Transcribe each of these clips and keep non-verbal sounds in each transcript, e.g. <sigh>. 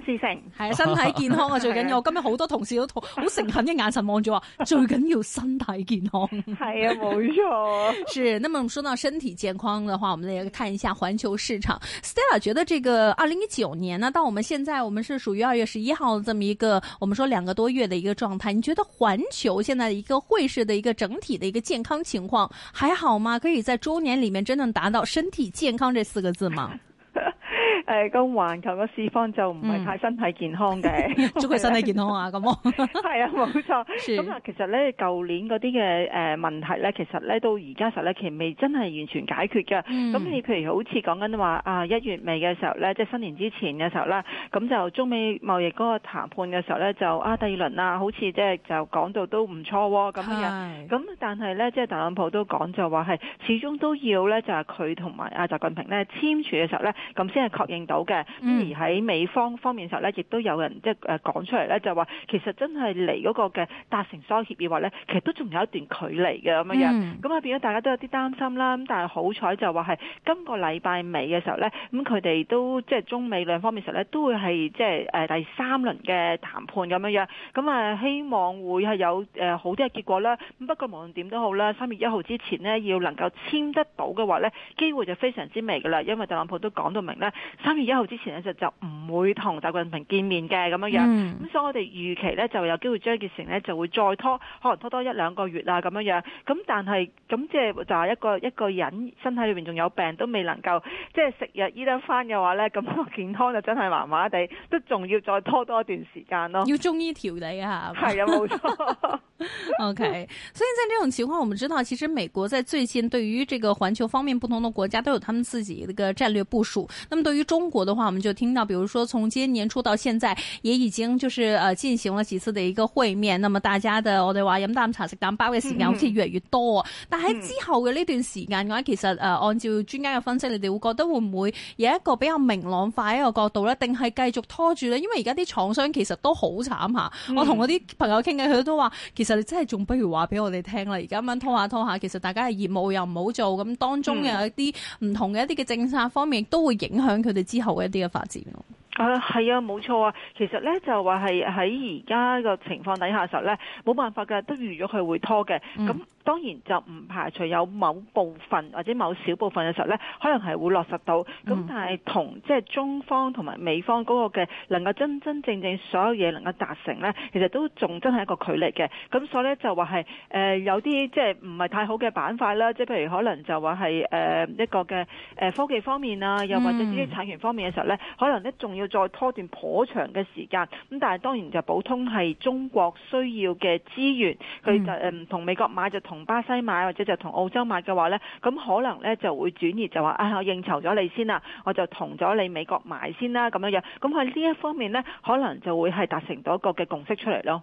事情係啊，身體健康啊最緊要。我 <laughs> 對今日好多同事都同，好誠懇的眼神望住我。 <laughs> 最緊要身體健康。係啊，冇錯。是，那麼我們說到身體健康的話，我們嚟看一下環球市場。Stella 覺得這個二零一九年呢，到我們現在，我們是屬於二月十一號這麼一個，我們說兩個多月的一個狀態。你覺得環球現在一個匯市的一個整體的一個健康情況還好嗎？可以在周年裏面真正達到身體健康這四個字嗎？ <laughs> 誒個環球個四方就唔係太身體健康嘅，嗯、祝佢身體健康啊！咁喎，係啊，冇錯。咁啊， <laughs> 其實咧，舊年嗰啲嘅誒問題咧，其實咧到而家時候咧，其實未真係完全解決嘅。咁、嗯、你譬如好似講緊話啊，一月尾嘅時候咧，即係新年之前嘅時候啦，咁就中美貿易嗰個談判嘅時候咧，就啊第二輪啊，好似即係就講到都唔錯喎咁樣。咁唉但係咧，即係特朗普都講就話、是、係始終都要咧，就係佢同埋阿習近平咧簽署嘅時候咧，咁先係確認。到嘅，嗯、而喺美方方面嘅時候咧，亦都有人即係誒講出嚟咧，就話其實真係嚟嗰個嘅達成協議嘅話咧，其實都仲有一段距離嘅咁樣、嗯、樣，咁啊變咗大家都有啲擔心啦。咁但係好彩就話係今個禮拜尾嘅時候咧，咁佢哋都即係、就是、中美兩方面嘅時候咧，都會係即係誒第三輪嘅談判咁樣樣，咁啊希望會係有誒好啲嘅結果啦。咁不過無論點都好啦，三月一號之前呢，要能夠簽得到嘅話咧，機會就非常之微嘅啦，因為特朗普都講到明咧。三月一號之前咧，就就唔會同習近平見面嘅咁樣樣，咁、嗯、所以我哋預期咧，就有機會將件事咧就會再拖，可能拖多一兩個月啊咁樣樣。咁但係咁即係就係一個一個人身體裏邊仲有病都未能夠即係食藥醫得翻嘅話咧，咁健康就真係麻麻地，都仲要再拖多一段時間咯。要中醫調理嚇，係啊冇錯。 <laughs> OK，所以即係呢種情況，我們知道其實美國在最近對於這個環球方面不同的國家都有他們自己一個戰略部署。那麼對中國的話，我們就聽到，比如說從今年年初到現在，也已經就是，呃，進行了幾次的一個會面。那麼大家的，我哋話，飲啖茶、食啖包嘅時間好似越嚟越多啊。Mm hmm. 但喺之後嘅呢段時間嘅話，其實，誒、呃，按照專家嘅分析，你哋會覺得會唔會有一個比較明朗化一個角度呢定係繼續拖住呢？因為而家啲廠商其實都好慘吓。Mm hmm. 我同我啲朋友傾偈，佢都話，其實你真係仲不如話俾我哋聽啦。而家咁樣拖下拖下，其實大家嘅業務又唔好做，咁當中有一啲唔同嘅一啲嘅政策方面都會影響佢哋。之後的一啲嘅發展啊，係啊，冇錯啊，其實咧就話係喺而家個情況底下時候咧，冇辦法嘅，都預咗佢會拖嘅，咁、嗯。當然就唔排除有某部分或者某小部分嘅時候咧，可能係會落實到，咁、嗯、但係同即係中方同埋美方嗰個嘅能夠真真正正所有嘢能夠達成咧，其實都仲真係一個距離嘅。咁所以咧就話係誒有啲即係唔係太好嘅板塊啦，即係譬如可能就話係誒一個嘅、呃、科技方面啊，又或者知識產權方面嘅時候咧，嗯、可能咧仲要再拖段頗長嘅時間。咁但係當然就補通係中國需要嘅資源，佢就唔同美國買咗，同巴西買或者就同澳洲買嘅話呢，咁可能呢就會轉移，就話啊、哎，我應酬咗你先啦，我就同咗你美國買先啦咁樣樣，咁喺呢一方面呢，可能就會係達成到一個嘅共識出嚟咯。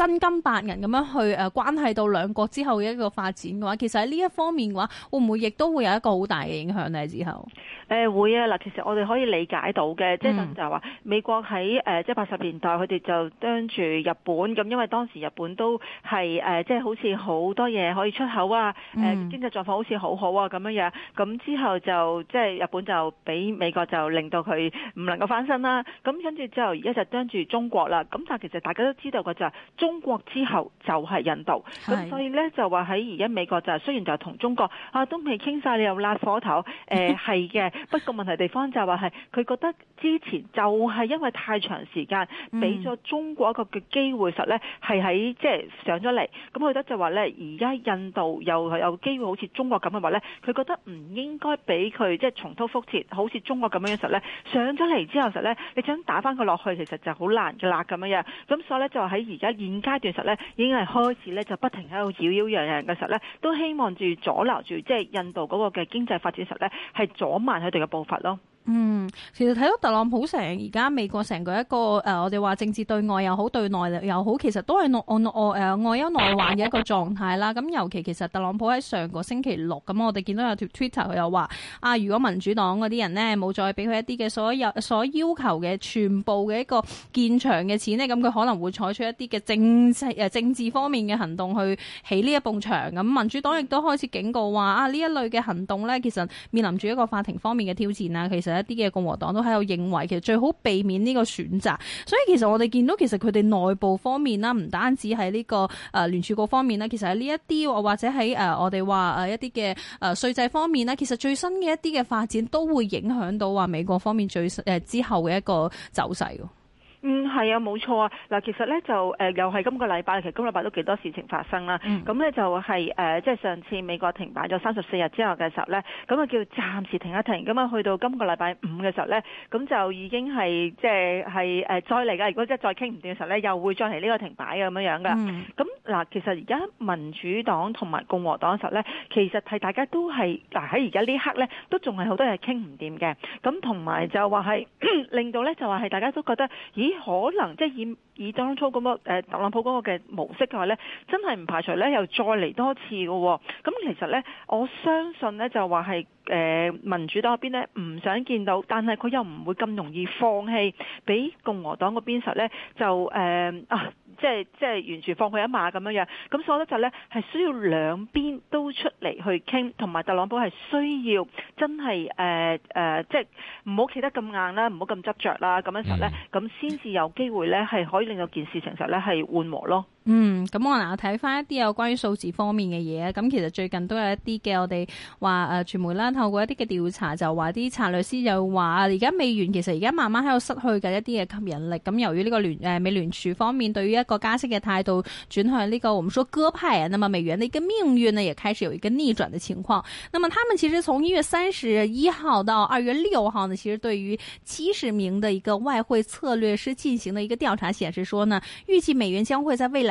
真金白銀咁樣去誒關係到兩國之後嘅一個發展嘅話，其實喺呢一方面嘅話，會唔會亦都會有一個好大嘅影響呢？之後誒、呃、會啊嗱，其實我哋可以理解到嘅、嗯呃，即係就係話美國喺誒即係八十年代佢哋就盯住日本咁，因為當時日本都係誒即係好似好多嘢可以出口啊，誒、嗯、經濟狀況好似好好啊咁樣樣，咁之後就即係日本就俾美國就令到佢唔能夠翻身啦、啊。咁跟住之後而家就盯住中國啦。咁但係其實大家都知道嘅就係中。中國之後就係印度，咁所以咧就話喺而家美國就係雖然就係同中國啊都未傾晒，你又甩火頭，誒係嘅。不過問題地方就係話係佢覺得之前就係因為太長時間俾咗中國一個嘅機會實咧，係喺即係上咗嚟。咁佢覺得就話咧，而家印度又係有機會好似中國咁嘅話咧，佢覺得唔應該俾佢即係重蹈覆轍，好似中國咁樣嘅時候咧，上咗嚟之後實咧，你想打返佢落去其實就好難㗎啦咁樣樣。咁所以咧就喺而家現階段實咧，已經係開始咧，就不停喺度擾擾攘攘嘅時候咧，都希望住阻撓住，即係印度嗰個嘅經濟發展嘅時候咧，係阻慢佢哋嘅步伐咯。嗯，其實睇到特朗普成而家美國成個一個誒、呃，我哋話政治對外又好，對內又好，其實都係、呃、外一外誒外憂內患嘅一個狀態啦。咁、嗯、尤其其實特朗普喺上個星期六咁、嗯，我哋見到有條 Twitter 佢又話：啊，如果民主黨嗰啲人呢，冇再俾佢一啲嘅所有所要求嘅全部嘅一個建牆嘅錢呢，咁佢可能會採取一啲嘅政治政治方面嘅行動去起呢一埲牆。咁、嗯、民主黨亦都開始警告話：啊，呢一類嘅行動呢，其實面臨住一個法庭方面嘅挑戰啦。其實。一啲嘅共和黨都喺度認為，其實最好避免呢個選擇。所以其實我哋見到其他們、這個呃，其實佢哋內部方面啦，唔單止喺呢個誒聯儲局方面啦，其實喺呢一啲或者喺誒、呃、我哋話誒一啲嘅誒稅制方面咧，其實最新嘅一啲嘅發展都會影響到話、呃、美國方面最誒、呃、之後嘅一個走勢。嗯，係啊，冇錯啊。嗱，其實咧就誒、呃，又係今個禮拜，其實今個禮拜都幾多事情發生啦。咁咧、嗯、就係、是、誒，即、呃、係上次美國停擺咗三十四日之後嘅時候咧，咁啊叫暫時停一停。咁啊去到今個禮拜五嘅時候咧，咁就已經係即係係誒再嚟㗎。如果即係再傾唔掂嘅時候咧，又會再嚟呢個停擺咁樣樣㗎。咁嗱、嗯，其實而家民主黨同埋共和黨嘅時候咧，其實係大家都係嗱喺而家呢刻咧，都仲係好多嘢傾唔掂嘅。咁同埋就話係、嗯、 <coughs> 令到咧，就話係大家都覺得咦～可能即係以以當初咁、嗰個特朗普嗰個嘅模式嘅話咧，真係唔排除咧又再嚟多次嘅，哦。咁其實咧，我相信咧就話係誒民主黨嗰邊咧唔想見到，但係佢又唔會咁容易放棄，俾共和黨嗰邊實咧就誒、呃。啊。即係即係完全放佢一馬咁樣樣，咁所以咧就呢係需要兩邊都出嚟去傾，同埋特朗普係需要真係誒、呃呃、即係唔好企得咁硬啦，唔好咁執着啦，咁樣時候呢，咁先至有機會呢，係可以令到件事情實呢，係緩和咯。嗯，咁我嗱睇翻一啲有關於數字方面嘅嘢，咁其實最近都有一啲嘅，我哋話誒傳媒啦，透過一啲嘅調查就話啲策略師就話，而家美元其實而家慢慢喺度失去嘅一啲嘅吸引力。咁由於呢個聯誒、呃、美聯儲方面對於一個加息嘅態度轉向呢個，我們說鴿派啊，那麼美元的一個命運呢也開始有一個逆轉的情況。那麼他們其實從一月三十一號到二月六號呢，其實對於七十名嘅一個外匯策略師進行的一個調查顯示說呢，預計美元將會在未來。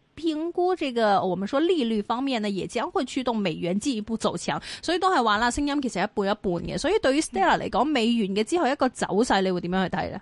評估這個我們說利率方面呢，也將會驅動美元進一步走強，所以都係話啦，聲音其實一半一半嘅。所以對於 Stella 嚟講，美元嘅之後一個走勢，你會點樣去睇呢？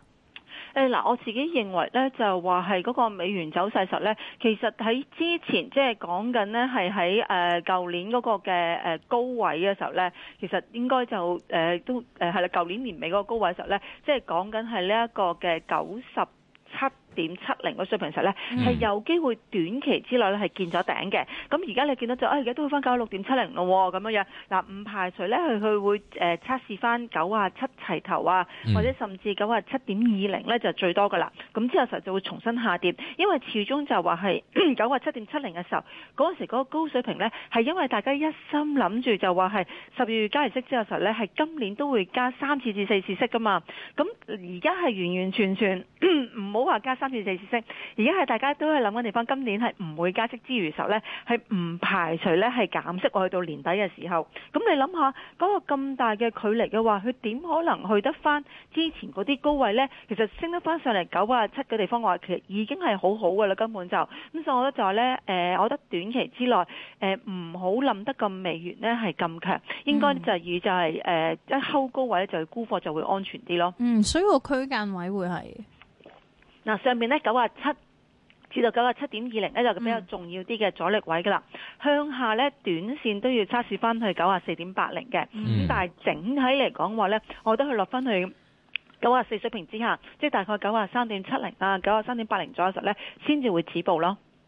誒、嗯，嗱、呃，我自己認為咧，就話係嗰個美元走勢實咧，其實喺之前即係講緊呢，係喺誒舊年嗰個嘅誒高位嘅時候咧，其實應該就誒、呃、都誒係啦，呃、舊年年尾嗰個高位嘅時候咧，即係講緊係呢一個嘅九十七點七零嘅水平時咧，係有機會短期之內咧係見咗頂嘅。咁而家你見到就，啊而家都會翻九六點七零咯咁樣樣。嗱唔排除咧，係佢會誒測試翻九啊七齊頭啊，或者甚至九啊七點二零咧就最多噶啦。咁之後實就會重新下跌，因為始終就話係九啊七點七零嘅時候，嗰陣時嗰個高水平咧係因為大家一心諗住就話係十二月加利息之後時咧係今年都會加三次至四次息噶嘛。咁而家係完完全全唔好話加三次。四而家係大家都係諗緊地方，今年係唔會加息之餘，時候呢，係唔排除呢係減息。我去到年底嘅時候，咁你諗下，嗰個咁大嘅距離嘅話，佢點可能去得翻之前嗰啲高位呢？其實升得翻上嚟九百七嘅地方，話其實已經係好好噶啦，根本就咁。所以我覺得就話、是、呢，誒、呃，我覺得短期之內，誒、呃，唔好諗得咁微遠咧，係咁強，應該就以就係誒，即、呃、係高位就沽貨就會安全啲咯。嗯，所以個區間位會係。嗱，上面咧九十七至到九十七點二零咧就比較重要啲嘅阻力位噶啦，嗯、向下咧短線都要測試翻去九十四點八零嘅，咁、嗯、但係整體嚟講話咧，我覺得佢落翻去九十四水平之下，即、就、係、是、大概九十三點七零啊，九十三點八零左右時咧先至會止步咯。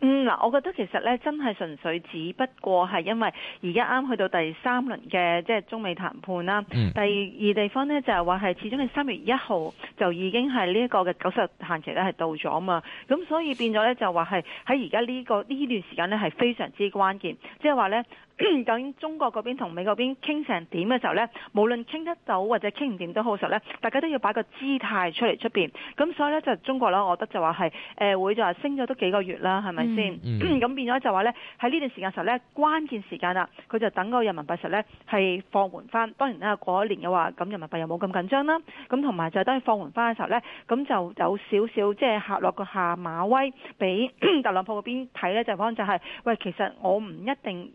嗯嗱，我覺得其實咧，真係純粹，只不過係因為而家啱去到第三輪嘅即係中美談判啦。嗯、第二地方咧就係話係，始終係三月一號就已經係呢一個嘅九十限期咧係到咗啊嘛，咁所以變咗咧就話係喺而家呢個呢段時間咧係非常之關鍵，即係話咧。究竟中國嗰邊同美國嗰邊傾成點嘅時候呢？無論傾得到或者傾唔掂都好，時候呢，大家都要擺個姿態出嚟出邊。咁所以呢就中國咧，我覺得就話係、呃、會就話升咗都幾個月啦，係咪先？咁變咗就話呢，喺、嗯嗯、呢段時間時候呢，關鍵時間啦，佢就等個人民幣實呢係放緩翻。當然啦，過一年嘅話咁人民幣又冇咁緊張啦。咁同埋就等佢放緩翻嘅時候呢，咁就有少少即係下落個下馬威俾 <coughs> 特朗普嗰邊睇呢。就可能就係、是、喂，其實我唔一定。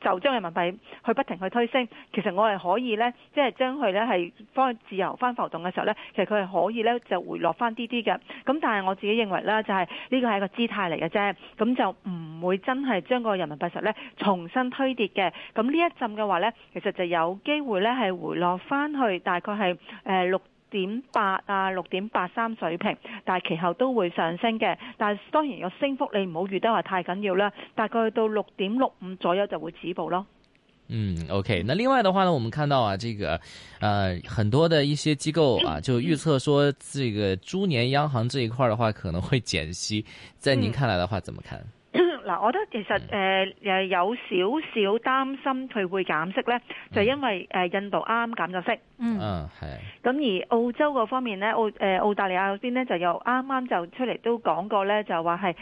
就將人民幣去不停去推升，其實我係可以咧，即係將佢咧係放自由翻浮動嘅時候咧，其實佢係可以咧就回落翻啲啲嘅。咁但係我自己認為啦，就係呢個係一個姿態嚟嘅啫，咁就唔會真係將個人民幣實咧重新推跌嘅。咁呢一陣嘅話咧，其實就有機會咧係回落翻去大概係誒六點八啊，六點八三水平，但係其後都會上升嘅。但係當然個升幅你唔好預得話太緊要啦。大概到六點六五左右就會止步咯。嗯，OK。那另外的話呢，我們看到啊，這個，呃，很多的一些機構啊，就預測說這個豬年央行這一塊的話可能會減息。在您看來的話，怎麼看？嗱，我覺得其實誒誒有少少擔心佢會減息呢，就因為印度啱啱減咗息。嗯，係。咁而澳洲嗰方面呢，澳誒澳大利亞嗰邊呢，就又啱啱就出嚟都講過呢，就話係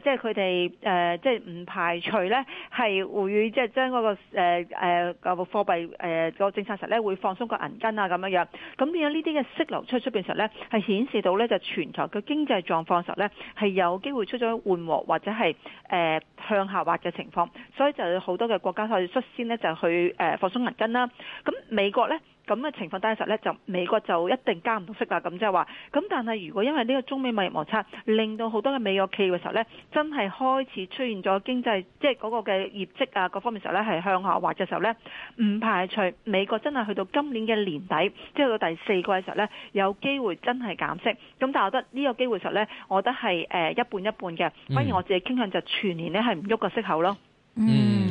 即係佢哋誒即係唔排除呢係會即係將嗰個誒誒個貨幣誒個政策實呢會放鬆個銀根啊咁樣樣。咁變咗呢啲嘅息流出出嘅時候咧，係顯示到呢，就全球嘅經濟狀況時候咧，係有機會出咗緩和或者係誒誒向下滑嘅情況，所以就有好多嘅國家可以率先咧就去誒放鬆銀根啦。咁美國咧。咁嘅情況底下嘅時候咧，就美國就一定加唔到息啦。咁即係話，咁但係如果因為呢個中美貿易摩擦，令到好多嘅美國企業嘅時候咧，真係開始出現咗經濟，即係嗰個嘅業績啊各方面時候咧，係向下滑嘅時候咧，唔排除美國真係去到今年嘅年底，即係去到第四季嘅時候咧，有機會真係減息。咁但係我覺得呢個機會實咧，我覺得係誒一半一半嘅。反而我自己傾向就全年咧係唔喐個息口咯。嗯。嗯。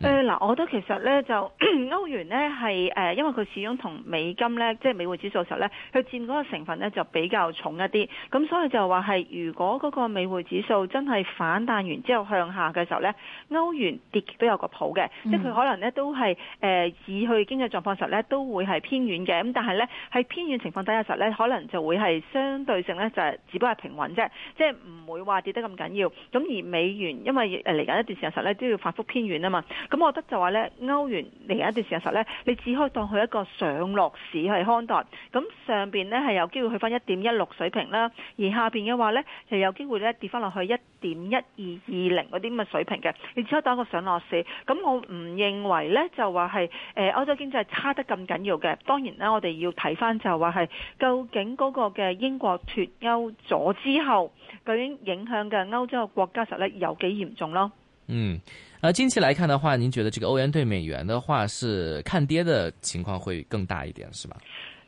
誒嗱、嗯呃，我覺得其實咧就歐元咧係誒，因為佢始終同美金咧，即係美匯指數嘅時候咧，佢佔嗰個成分咧就比較重一啲，咁所以就話係如果嗰個美匯指數真係反彈完之後向下嘅時候咧，歐元跌都有個譜嘅，嗯、即係佢可能咧都係誒、呃、以佢經濟狀況時候咧都會係偏遠嘅，咁但係咧喺偏遠情況底下時候咧，可能就會係相對性咧就係、是、只不過係平穩啫，即係唔會話跌得咁緊要。咁而美元因為誒嚟緊一段時間時咧都要反覆偏遠啊嘛。咁我覺得就話咧，歐元嚟一段時間實咧，你只可以當佢一個上落市去看待。咁上面咧係有機會去翻一點一六水平啦，而下面嘅話咧，係有機會咧跌翻落去一點一二二零嗰啲咁嘅水平嘅，你只可以當一個上落市。咁我唔認為咧，就話係、呃、歐洲經濟差得咁緊要嘅。當然啦，我哋要睇翻就話係究竟嗰個嘅英國脱歐咗之後，究竟影響嘅歐洲嘅國家實咧有幾嚴重咯？嗯，而近期來看的話，您覺得這個歐元兌美元的話是看跌的情況會更大一點，是吧？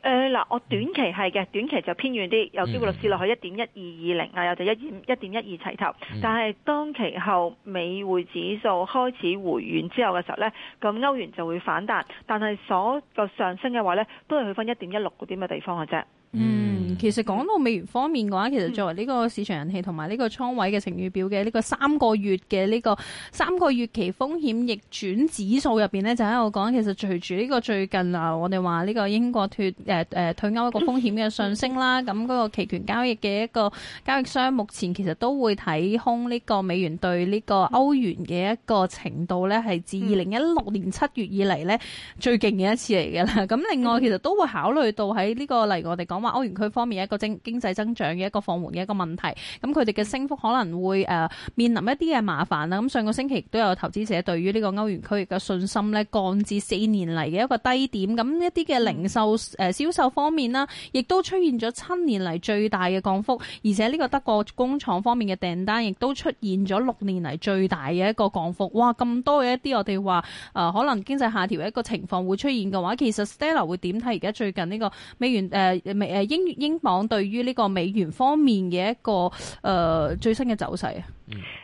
誒嗱、呃，我短期係嘅，嗯、短期就偏軟啲，有機會跌落去一點一二二零啊，又就一點一點一二齊頭。嗯、但係當其後美匯指數開始回軟之後嘅時候咧，咁歐元就會反彈，但係所個上升嘅話咧，都係去翻一點一六嗰啲嘅地方嘅啫。嗯，其實講到美元方面嘅話，其實作為呢個市場人氣同埋呢個倉位嘅晴雨表嘅呢個三個月嘅呢個三個月期風險逆轉指數入邊咧，就喺度講。其實隨住呢個最近啊，我哋話呢個英國脫誒誒、呃、退歐一個風險嘅上升啦，咁嗰個、嗯、期權交易嘅一個交易商目前其實都會睇空呢個美元對呢個歐元嘅一個程度咧，係自二零一六年七月以嚟咧最勁嘅一次嚟嘅啦。咁另外其實都會考慮到喺呢、呢個例如我哋講。講話歐元區方面一個經經濟增長嘅一個放緩嘅一個問題，咁佢哋嘅升幅可能會面臨一啲嘅麻煩啦。咁上個星期都有投資者對於呢個歐元區嘅信心呢降至四年嚟嘅一個低點，咁一啲嘅零售誒、呃、銷售方面啦，亦都出現咗七年嚟最大嘅降幅，而且呢個德國工廠方面嘅訂單亦都出現咗六年嚟最大嘅一個降幅。哇！咁多嘅一啲我哋話、呃、可能經濟下調一個情況會出現嘅話，其實 Stella 會點睇？而家最近呢個美元、呃誒，英英鎊對於呢個美元方面嘅一個誒、呃、最新嘅走勢。啊！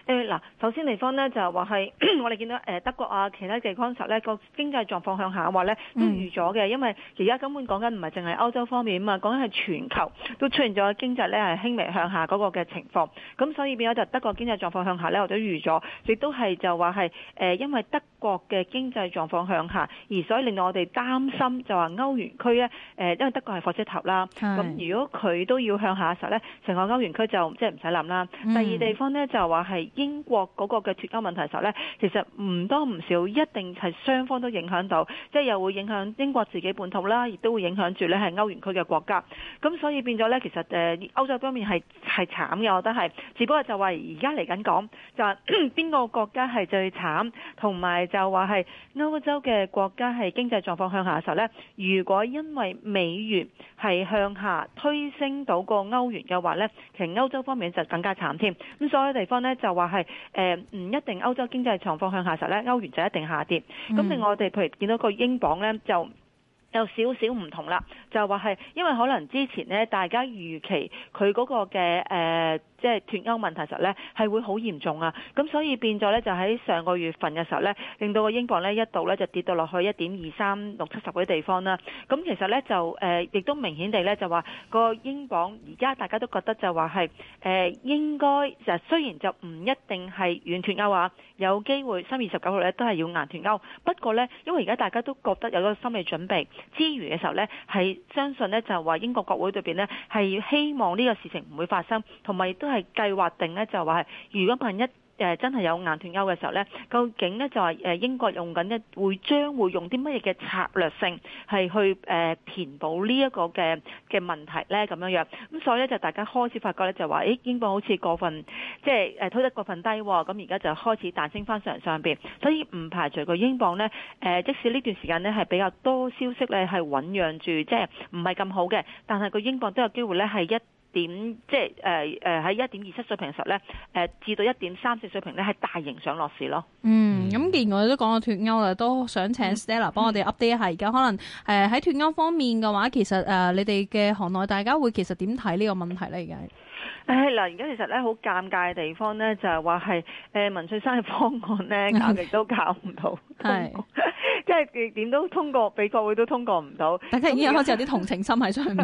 嗯、首先地方呢，就話係 <coughs> 我哋見到德國啊，其他地方時候呢個經濟狀況向下話呢，都預咗嘅，因為而家根本講緊唔係淨係歐洲方面啊嘛，講緊係全球都出現咗經濟呢係輕微向下嗰個嘅情況，咁所以變咗就德國經濟狀況向下咧我都預咗，亦都係就話係誒因為德國嘅經濟狀況向下，而所以令到我哋擔心就話歐元區呢，因為德國係火車頭啦，咁是如果佢都要向下嘅時候咧，成個歐元區就即係唔使諗啦。嗯、第二地方呢，就。話係英國嗰個嘅脫歐問題嘅時候呢，其實唔多唔少一定係雙方都影響到，即係又會影響英國自己本土啦，亦都會影響住呢係歐元區嘅國家。咁所以變咗呢，其實誒歐洲方面係係慘嘅，我覺得係。只不過就話而家嚟緊講，就話邊 <coughs> 個國家係最慘，同埋就話係歐洲嘅國家係經濟狀況向下嘅時候呢。如果因為美元係向下推升到個歐元嘅話呢，其實歐洲方面就更加慘添。咁所有地方。咧，就話係誒，唔一定歐洲經濟狀況向下實咧，歐元就一定下跌。咁但、嗯、我哋譬如見到個英鎊咧，就有少少唔同啦。就話係因為可能之前咧，大家預期佢嗰個嘅誒。呃即係脱歐問題時候咧係會好嚴重啊！咁所以變咗咧就喺上個月份嘅時候咧，令到個英鎊咧一度咧就跌到落去一點二三六七十啲地方啦。咁其實咧就亦、呃、都明顯地咧就話個英鎊而家大家都覺得就話係、呃、應該就雖然就唔一定係軟脱歐啊，有機會三月二十九號咧都係要硬脱歐。不過咧，因為而家大家都覺得有咗心理準備之餘嘅時候咧，係相信咧就話英國國會對邊呢，係希望呢個事情唔會發生，同埋都。係計劃定呢就話係如果萬一誒真係有硬脫歐嘅時候呢，究竟呢就係誒英國用緊呢會將會用啲乜嘢嘅策略性係去誒、呃、填補呢一個嘅嘅問題呢？咁樣樣。咁所以呢就大家開始發覺呢，就話，誒、欸、英鎊好似過分，即係誒推得過分低喎。咁而家就開始彈升翻上上邊，所以唔排除個英鎊呢，誒、呃，即使呢段時間呢係比較多消息呢係醞釀住，即係唔係咁好嘅，但係個英鎊都有機會呢係一。點即係誒誒喺一點二七水平嘅時候咧，誒、呃、至到一點三四水平咧係大型上落市咯。嗯，咁既然我哋都講到脫歐啦，都想請 Stella 幫我哋 update 一下而家可能誒喺脫歐方面嘅話，其實誒、呃、你哋嘅行內大家會其實點睇呢個問題咧？而家誒嗱，而家其實咧好尷尬嘅地方咧就係話係誒文翠珊嘅方案咧，搞極都搞唔到。係 <laughs> 公共。即係點都通過，比國會都通過唔到。但係已經開始有啲同情心喺上面，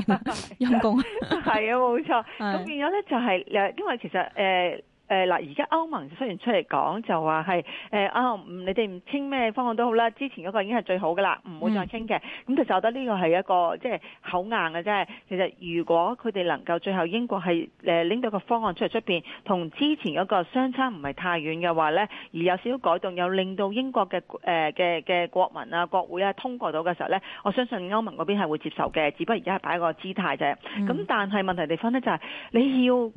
陰公。係啊，冇錯。咁變咗咧，就係、誒、因為其實誒。呃誒嗱，而家歐盟雖然出嚟講就話係誒啊，唔、嗯、你哋唔傾咩方案都好啦，之前嗰個已經係最好噶啦，唔會再傾嘅。咁、嗯、其實我覺得呢個係一個即係口硬嘅啫。其實如果佢哋能夠最後英國係誒拎到個方案出嚟出邊，同之前嗰個相差唔係太遠嘅話咧，而有少少改動又令到英國嘅誒嘅嘅國民啊、國會啊通過到嘅時候咧，我相信歐盟嗰邊係會接受嘅，只不過而家係擺個姿態啫。咁、嗯、但係問題地方咧就係、是、你要。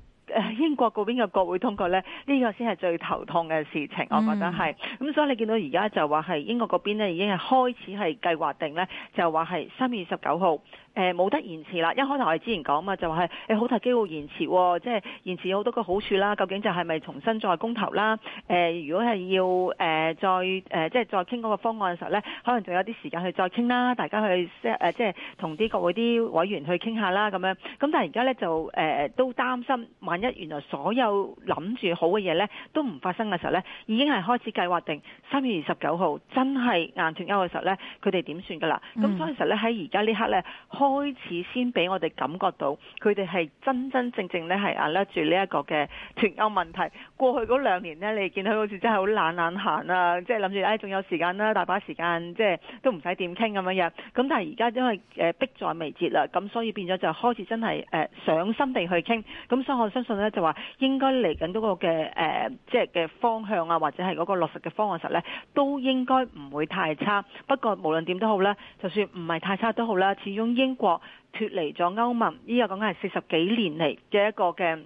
英國嗰邊嘅國會通過呢，呢、呢個先係最頭痛嘅事情，我覺得係。咁、嗯、所以你見到而家就話係英國嗰邊咧，已經係開始係計劃定呢，就話係三月二十九號。誒冇得延遲啦！因為一開頭我哋之前講嘛，就話係好、欸、大機會延遲、喎，即、就、係、是、延遲有好多個好處啦。究竟就係咪重新再公投啦？誒、呃，如果係要誒、呃、再誒、呃，即係再傾嗰個方案嘅時候咧，可能仲有啲時間去再傾啦。大家去、呃、即係同啲國會啲委員去傾下啦。咁樣咁，但係而家咧就誒、呃、都擔心，萬一原來所有諗住好嘅嘢咧都唔發生嘅時候咧，已經係開始計劃定三月二十九號真係硬斷交嘅時候咧，佢哋點算㗎啦？咁、嗯、所以其實咧喺而家呢刻咧。開始先俾我哋感覺到，佢哋係真真正正咧係壓撚住呢一個嘅脱歐問題。過去嗰兩年呢，你見佢好似真係好懶懶閒啊，即係諗住唉，仲有時間啦，大把時間，即係都唔使點傾咁樣樣。咁但係而家因為誒迫在眉睫啦，咁所以變咗就開始真係誒上心地去傾。咁所以我相信呢，就話應該嚟緊嗰個嘅誒即係嘅方向啊，或者係嗰個落實嘅方案實呢，都應該唔會太差。不過無論點都好啦，就算唔係太差都好啦，始終應英國脫離咗歐盟，依、這個講係四十幾年嚟嘅一個嘅誒，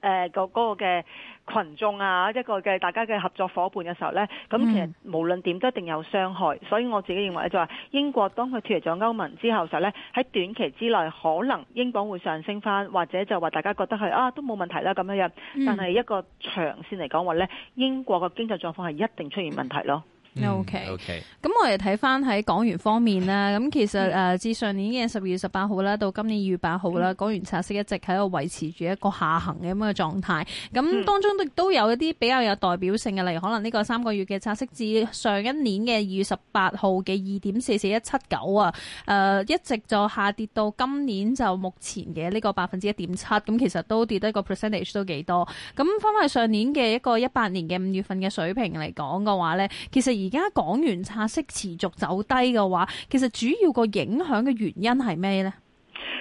呃那個、那個嘅群眾啊，一個嘅大家嘅合作伙伴嘅時候呢，咁其實無論點都一定有傷害。所以我自己認為就話，英國當佢脫離咗歐盟之後時候咧，喺短期之內可能英鎊會上升翻，或者就話大家覺得係啊都冇問題啦咁樣樣。但係一個長線嚟講話呢，英國嘅經濟狀況係一定出現問題咯。O K，咁我哋睇翻喺港元方面啦。咁其實誒自、呃、上年嘅十二月十八號啦，到今年二月八號啦，嗯、港元拆息一直喺度維持住一個下行嘅咁嘅狀態。咁、嗯、當中都都有一啲比較有代表性嘅，例如可能呢個三個月嘅拆息，至上一年嘅二月十八號嘅二點四四一七九啊，誒一直就下跌到今年就目前嘅呢個百分之一點七。咁其實都跌得個 percentage 都幾多。咁翻返上年嘅一個一八年嘅五月份嘅水平嚟講嘅話呢，其實而家港元拆息持續走低嘅話，其實主要個影響嘅原因係咩呢？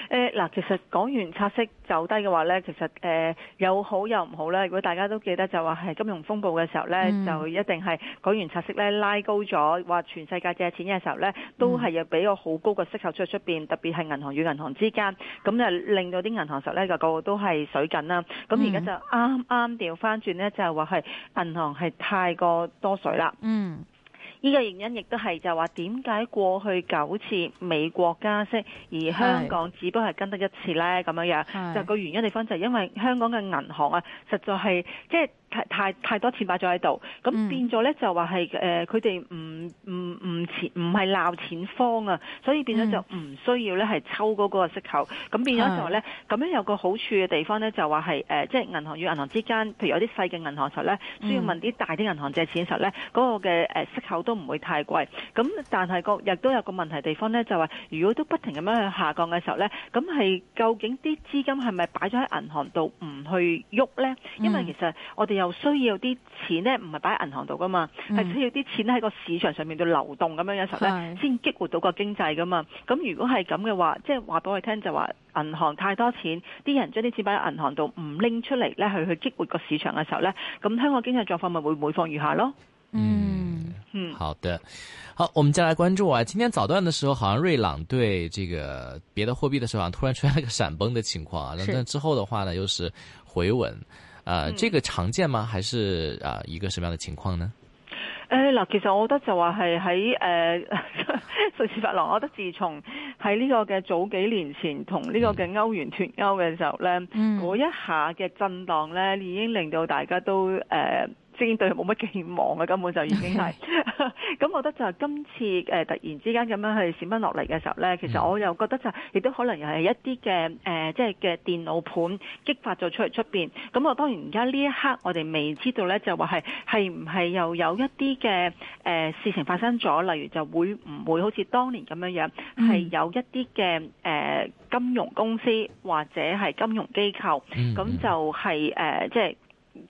誒嗱，其實港元拆息走低嘅話咧，其實誒有好有唔好咧。如果大家都記得就話係金融風暴嘅時候咧，嗯、就一定係港元拆息咧拉高咗，話全世界借錢嘅時候咧，都係有俾個好高嘅息口出去出邊，特別係銀行與銀行之間，咁就令到啲銀行時候咧就個個都係水緊啦。咁而家就啱啱調翻轉咧，就係話係銀行係太過多水啦。嗯。呢個原因亦都係就話，點解過去九次美國加息，而香港只不過係跟得一次咧？咁樣樣是是 就個原因地方就係因為香港嘅銀行啊，實在係即係，就是太太多錢擺咗喺度，咁變咗咧、嗯、就話係誒佢哋唔唔唔唔係鬧錢荒啊，所以變咗就唔需要咧係抽嗰個息口，咁變咗就話咧咁樣有個好處嘅地方咧就話係誒即係銀行與銀行之間，譬如有啲細嘅銀行時候咧，需要問啲大啲銀行借錢時候咧，嗰、那個嘅誒息口都唔會太貴。咁但係個亦都有個問題地方咧，就話如果都不停咁樣去下降嘅時候咧，咁係究竟啲資金係咪擺咗喺銀行度唔去喐咧？因為其實我哋。又需要啲錢呢？唔係擺喺銀行度噶嘛，係、嗯、需要啲錢喺個市場上面度流動咁樣嘅時候呢，先、嗯、激活到個經濟噶嘛。咁如果係咁嘅話，即係話俾我聽就話銀行太多錢，啲人將啲錢擺喺銀行度唔拎出嚟呢，去去激活個市場嘅時候呢。咁香港經濟狀況咪會每況愈下咯。嗯，嗯，好的，好，我們再來關注啊。今天早段嘅時候，好像瑞郎對這個別的貨幣嘅時候，好像突然出現一個閃崩嘅情況啊，是但之後嘅話呢，又是回穩。啊、呃，這個常見嗎？還是啊、呃、一個什麼樣的情況呢？誒嗱、呃，其實我覺得就話係喺誒瑞士法郎，我覺得自從喺呢個嘅早幾年前同呢個嘅歐元脫歐嘅時候咧，嗯、嗰一下嘅震盪咧，已經令到大家都誒。呃先對冇乜寄望嘅、啊，根本就已經係咁， <laughs> <laughs> 我覺得就今次、呃、突然之間咁樣去閃崩落嚟嘅時候咧，其實我又覺得就亦都可能又係一啲嘅、呃、即係嘅電腦盤激發咗出嚟出面，咁我當然而家呢一刻我哋未知道咧，就話係係唔係又有一啲嘅、呃、事情發生咗，例如就會唔會好似當年咁樣樣，係、嗯、有一啲嘅、呃、金融公司或者係金融機構咁、嗯嗯、就係、係呃、即係。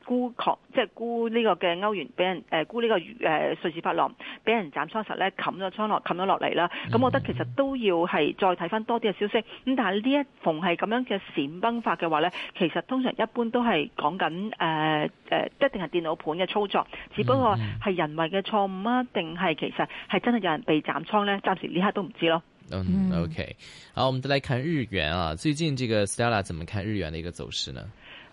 沽抗、嗯嗯、即係沽呢個嘅歐元人，俾人誒沽呢個誒、呃、瑞士法郎，俾人斬倉實咧，冚咗倉落，冚咗落嚟啦。咁我覺得其實都要係再睇翻多啲嘅消息。咁但係呢一逢係咁樣嘅閃崩法嘅話咧，其實通常一般都係講緊誒誒，一定係電腦盤嘅操作，只不過係人為嘅錯誤啊，定係其實係真係有人被斬倉咧？暫時呢刻都唔知咯。嗯嗯、o、okay. k 好，我哋再嚟看日元啊。最近這個 Stella 怎麼看日元嘅一個走勢呢？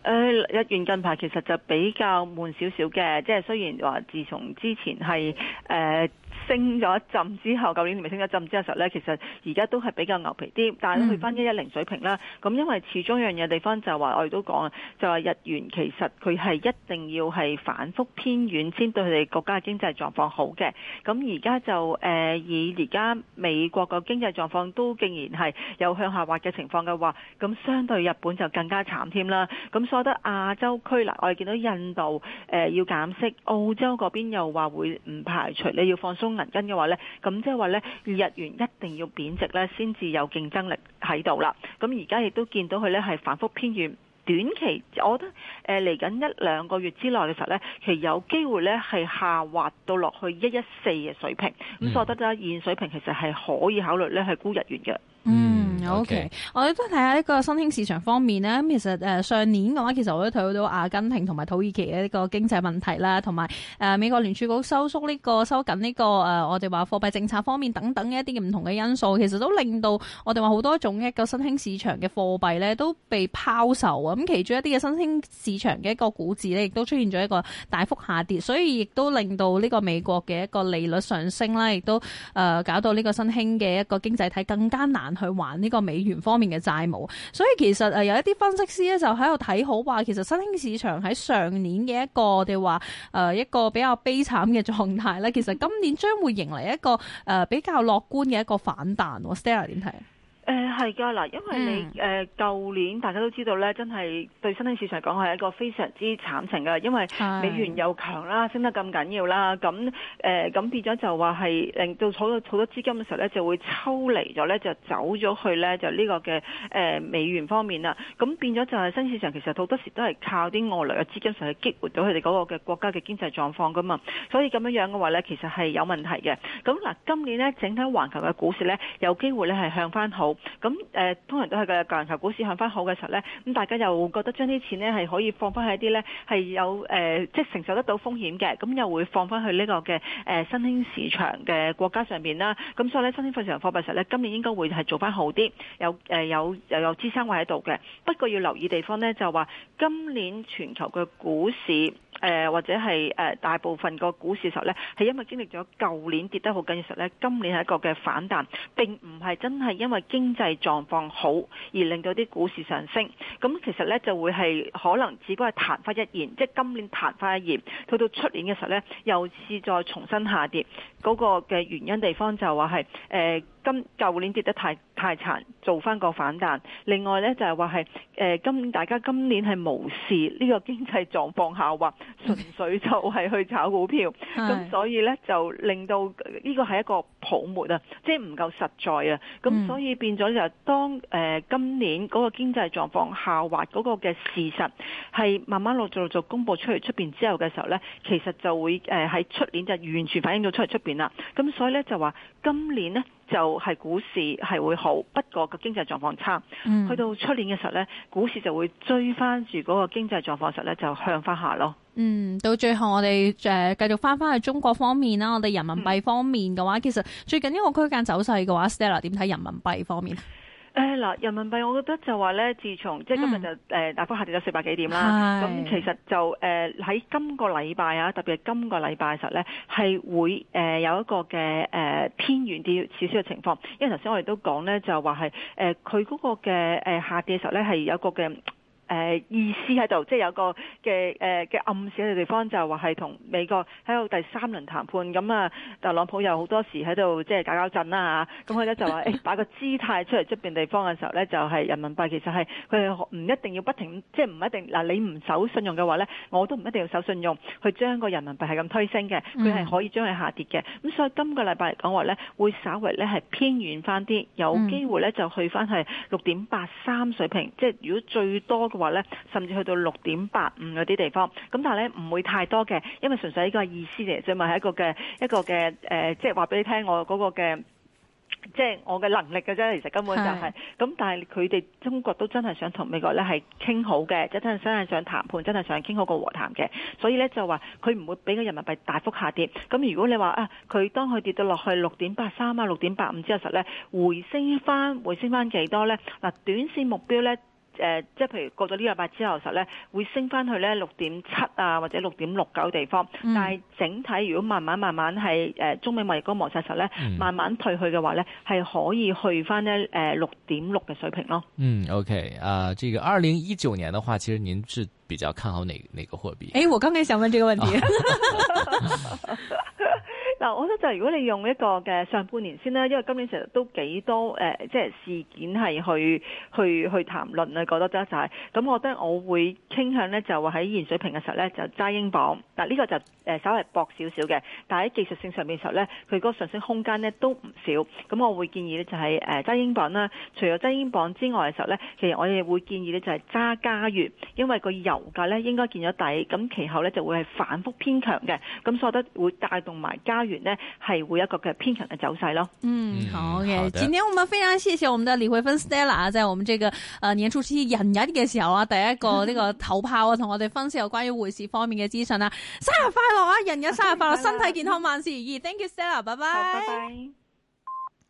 誒日元近排其實就比較悶少少嘅，即係雖然話自從之前係誒、呃升咗一浸之後，舊年咪升咗一陣之後嘅時候咧，其實而家都係比較牛皮啲，但係去翻一一零水平啦。咁因為始終一樣嘢地方就係、是、話，我哋都講啊，就係日元其實佢係一定要係反覆偏軟先對佢哋國家嘅經濟狀況好嘅。咁而家就誒以而家美國個經濟狀況都竟然係有向下滑嘅情況嘅話，咁相對日本就更加慘添啦。咁所，以得亞洲區嗱，我哋見到印度誒要減息，澳洲嗰邊又話會唔排除你要放。中銀根嘅話呢，咁即係話呢，日元一定要貶值呢，先至有競爭力喺度啦。咁而家亦都見到佢呢係反覆偏軟，短期我覺得嚟緊一兩個月之內嘅時候呢，其實有機會呢係下滑到落去一一四嘅水平。咁、mm. 所以我覺得現水平其實係可以考慮呢係沽日元嘅。Mm. O.K. okay. 我哋都睇下呢個新興市場方面呢，咁其實、呃、上年嘅話，其實我都睇到阿根廷同埋土耳其嘅一個經濟問題啦，同埋、呃、美國聯儲局收縮呢、呢個收緊呢、呢個、呃、我哋話貨幣政策方面等等一啲唔同嘅因素，其實都令到我哋話好多種一個新興市場嘅貨幣咧都被拋售啊。咁、嗯、其中一啲嘅新興市場嘅一個股指咧，亦都出現咗一個大幅下跌，所以亦都令到呢個美國嘅一個利率上升啦，亦都、呃、搞到呢個新興嘅一個經濟體更加難去還呢、呢個。個美元方面嘅債務，所以其實誒有一啲分析師咧就喺度睇好，話其實新興市場喺上年嘅一個，我哋話誒一個比較悲慘嘅狀態咧，其實今年將會迎嚟一個誒比較樂觀嘅一個反彈。 <laughs> Stella 點睇？誒係㗎嗱，因為你誒舊年大家都知道咧，真係對新興市場嚟講係一個非常之慘情㗎，因為美元又強啦，升得咁緊要啦，咁誒咁變咗就話係令到好多好多資金嘅時候咧就會抽離咗咧，就走咗去咧，就呢個嘅誒美元方面啦。咁變咗就係新市場其實好多時都係靠啲外來嘅資金上去激活到佢哋嗰個嘅國家嘅經濟狀況噶嘛。所以咁樣嘅話咧，其實係有問題嘅。咁嗱，今年咧整體環球嘅股市咧有機會咧係向翻好。咁誒、呃，通常都係嘅，全球股市向翻好嘅時候咧，咁大家又覺得將啲錢咧係可以放翻喺啲咧係有誒、呃，即係承受得到風險嘅，咁又會放翻去呢、這個嘅誒、呃、新興市場嘅國家上面啦。咁所以咧，新興市場貨幣時候咧，今年應該會係做翻好啲，有誒有又有支撐位喺度嘅。不過要留意地方咧，就話今年全球嘅股市。誒或者係大部分個股市的時候呢，係因為經歷咗舊年跌得好緊嘅時候呢，今年係一個嘅反彈，並唔係真係因為經濟狀況好而令到啲股市上升。咁其實呢，就會係可能只不過係彈翻一年，即、就、係、是、今年彈翻一年，到到出年嘅時候呢，又試再重新下跌。嗰個嘅原因地方就話係誒，今舊年跌得太太殘，做翻個反彈。另外咧就係話係誒，今大家今年係無視呢個經濟狀況下滑，純粹就係去炒股票。咁 <laughs> 所以咧就令到呢個係一個泡沫啊，即係唔夠實在啊。咁所以變咗就當，呃、今年嗰個經濟狀況下滑嗰個嘅事實係慢慢陸續陸續公佈出嚟出面之後嘅時候咧，其實就會誒喺出年就完全反映到出嚟出面。嗱，咁所以咧就話今年呢，就係股市係會好，不過個經濟狀況差，去、嗯、到出年嘅時候咧，股市就會追翻住嗰個經濟狀況實咧就向翻下咯。嗯，到最後我哋誒繼續翻翻去中國方面啦，我哋人民幣方面嘅話，嗯、其實最近呢個區間走勢嘅話，Stella 點睇人民幣方面？誒嗱，人民幣，我覺得就話咧，自從即係今日就誒、嗯呃、大幅下跌咗四百幾點啦。咁是其實就誒喺今個禮拜啊，特別係今個禮拜嘅時候咧，係會、呃、有一個嘅誒、呃、偏軟啲少少嘅情況。因為頭先我哋都講咧，就話係誒佢嗰個嘅誒、呃、下跌嘅時候咧，係有一個嘅。誒意思喺度，即係有個嘅誒嘅暗示嘅地方，就話係同美國喺度第三輪談判，咁啊特朗普又好多時喺度即係搞搞震啦，咁佢咧就話誒擺個姿態出嚟出邊地方嘅時候咧，就係、是、人民幣其實係佢唔一定要不停，即係唔一定嗱你唔守信用嘅話咧，我都唔一定要守信用去將個人民幣係咁推升嘅，佢係可以將佢下跌嘅，咁、mm hmm. 所以今個禮拜嚟講話咧，會稍微咧係偏遠翻啲，有機會咧就去翻係六點八三水平，即係如果最多。話咧，甚至去到六點八五嗰啲地方，咁但係咧唔會太多嘅，因為純粹呢個意思嚟，最咪係一個嘅一個嘅、呃、即係話俾你聽，我嗰個嘅即係我嘅能力嘅啫，其實根本就係、是、咁。的但係佢哋中國都真係想同美國咧係傾好嘅，即、就、係、是、真係真係想談判，真係想傾好個和談嘅。所以咧就話佢唔會俾個人民幣大幅下跌。咁如果你話啊，佢當佢跌到落去六點八三啊、六點八五之後實咧，回升翻回，回升翻幾多咧？嗱，短線目標咧。誒，即係、呃、譬如過咗呢個八之後實咧，會升翻去咧六點七啊，或者六點六九地方。嗯、但係整體如果慢慢慢慢係誒中美貿易嘅摩擦實咧，慢慢退去嘅話咧，係可以去翻咧誒六點六嘅水平咯。嗯，OK，啊、呃，呢個二零一九年嘅話，其實您是比較看好哪哪個貨幣？誒，我剛剛想問這個問題。 <laughs> <laughs> 嗱、嗯，我覺得就係如果你用一個嘅上半年先啦，因為今年其實都幾多誒、呃，即係事件係去去去談論啊，覺得咧就係、是、咁，我覺得我會傾向咧就話喺現水平嘅時候咧就揸英鎊。嗱，呢個就誒稍微薄少少嘅，但係喺技術性上面嘅時候咧，佢個上升空間咧都唔少。咁我會建議咧就係誒揸英鎊啦。除咗揸英鎊之外嘅時候咧，其實我哋會建議咧就係揸加元，因為個油價咧應該見咗底，咁其後咧就會係反覆偏強嘅，咁所以我覺得會帶動埋加元。咧係會一個嘅偏強嘅走勢咯。嗯，好嘅，好的今天我們非常謝謝我們的李慧芬 Stella 啊，在我們這個誒年初七人日嘅時候啊，第一個呢個頭炮啊，同我哋分析有關於匯市方面嘅資訊啦。生日快樂啊，人日生日快樂，身體健康，嗯、萬事如意。Thank you Stella，拜拜，拜拜。Bye bye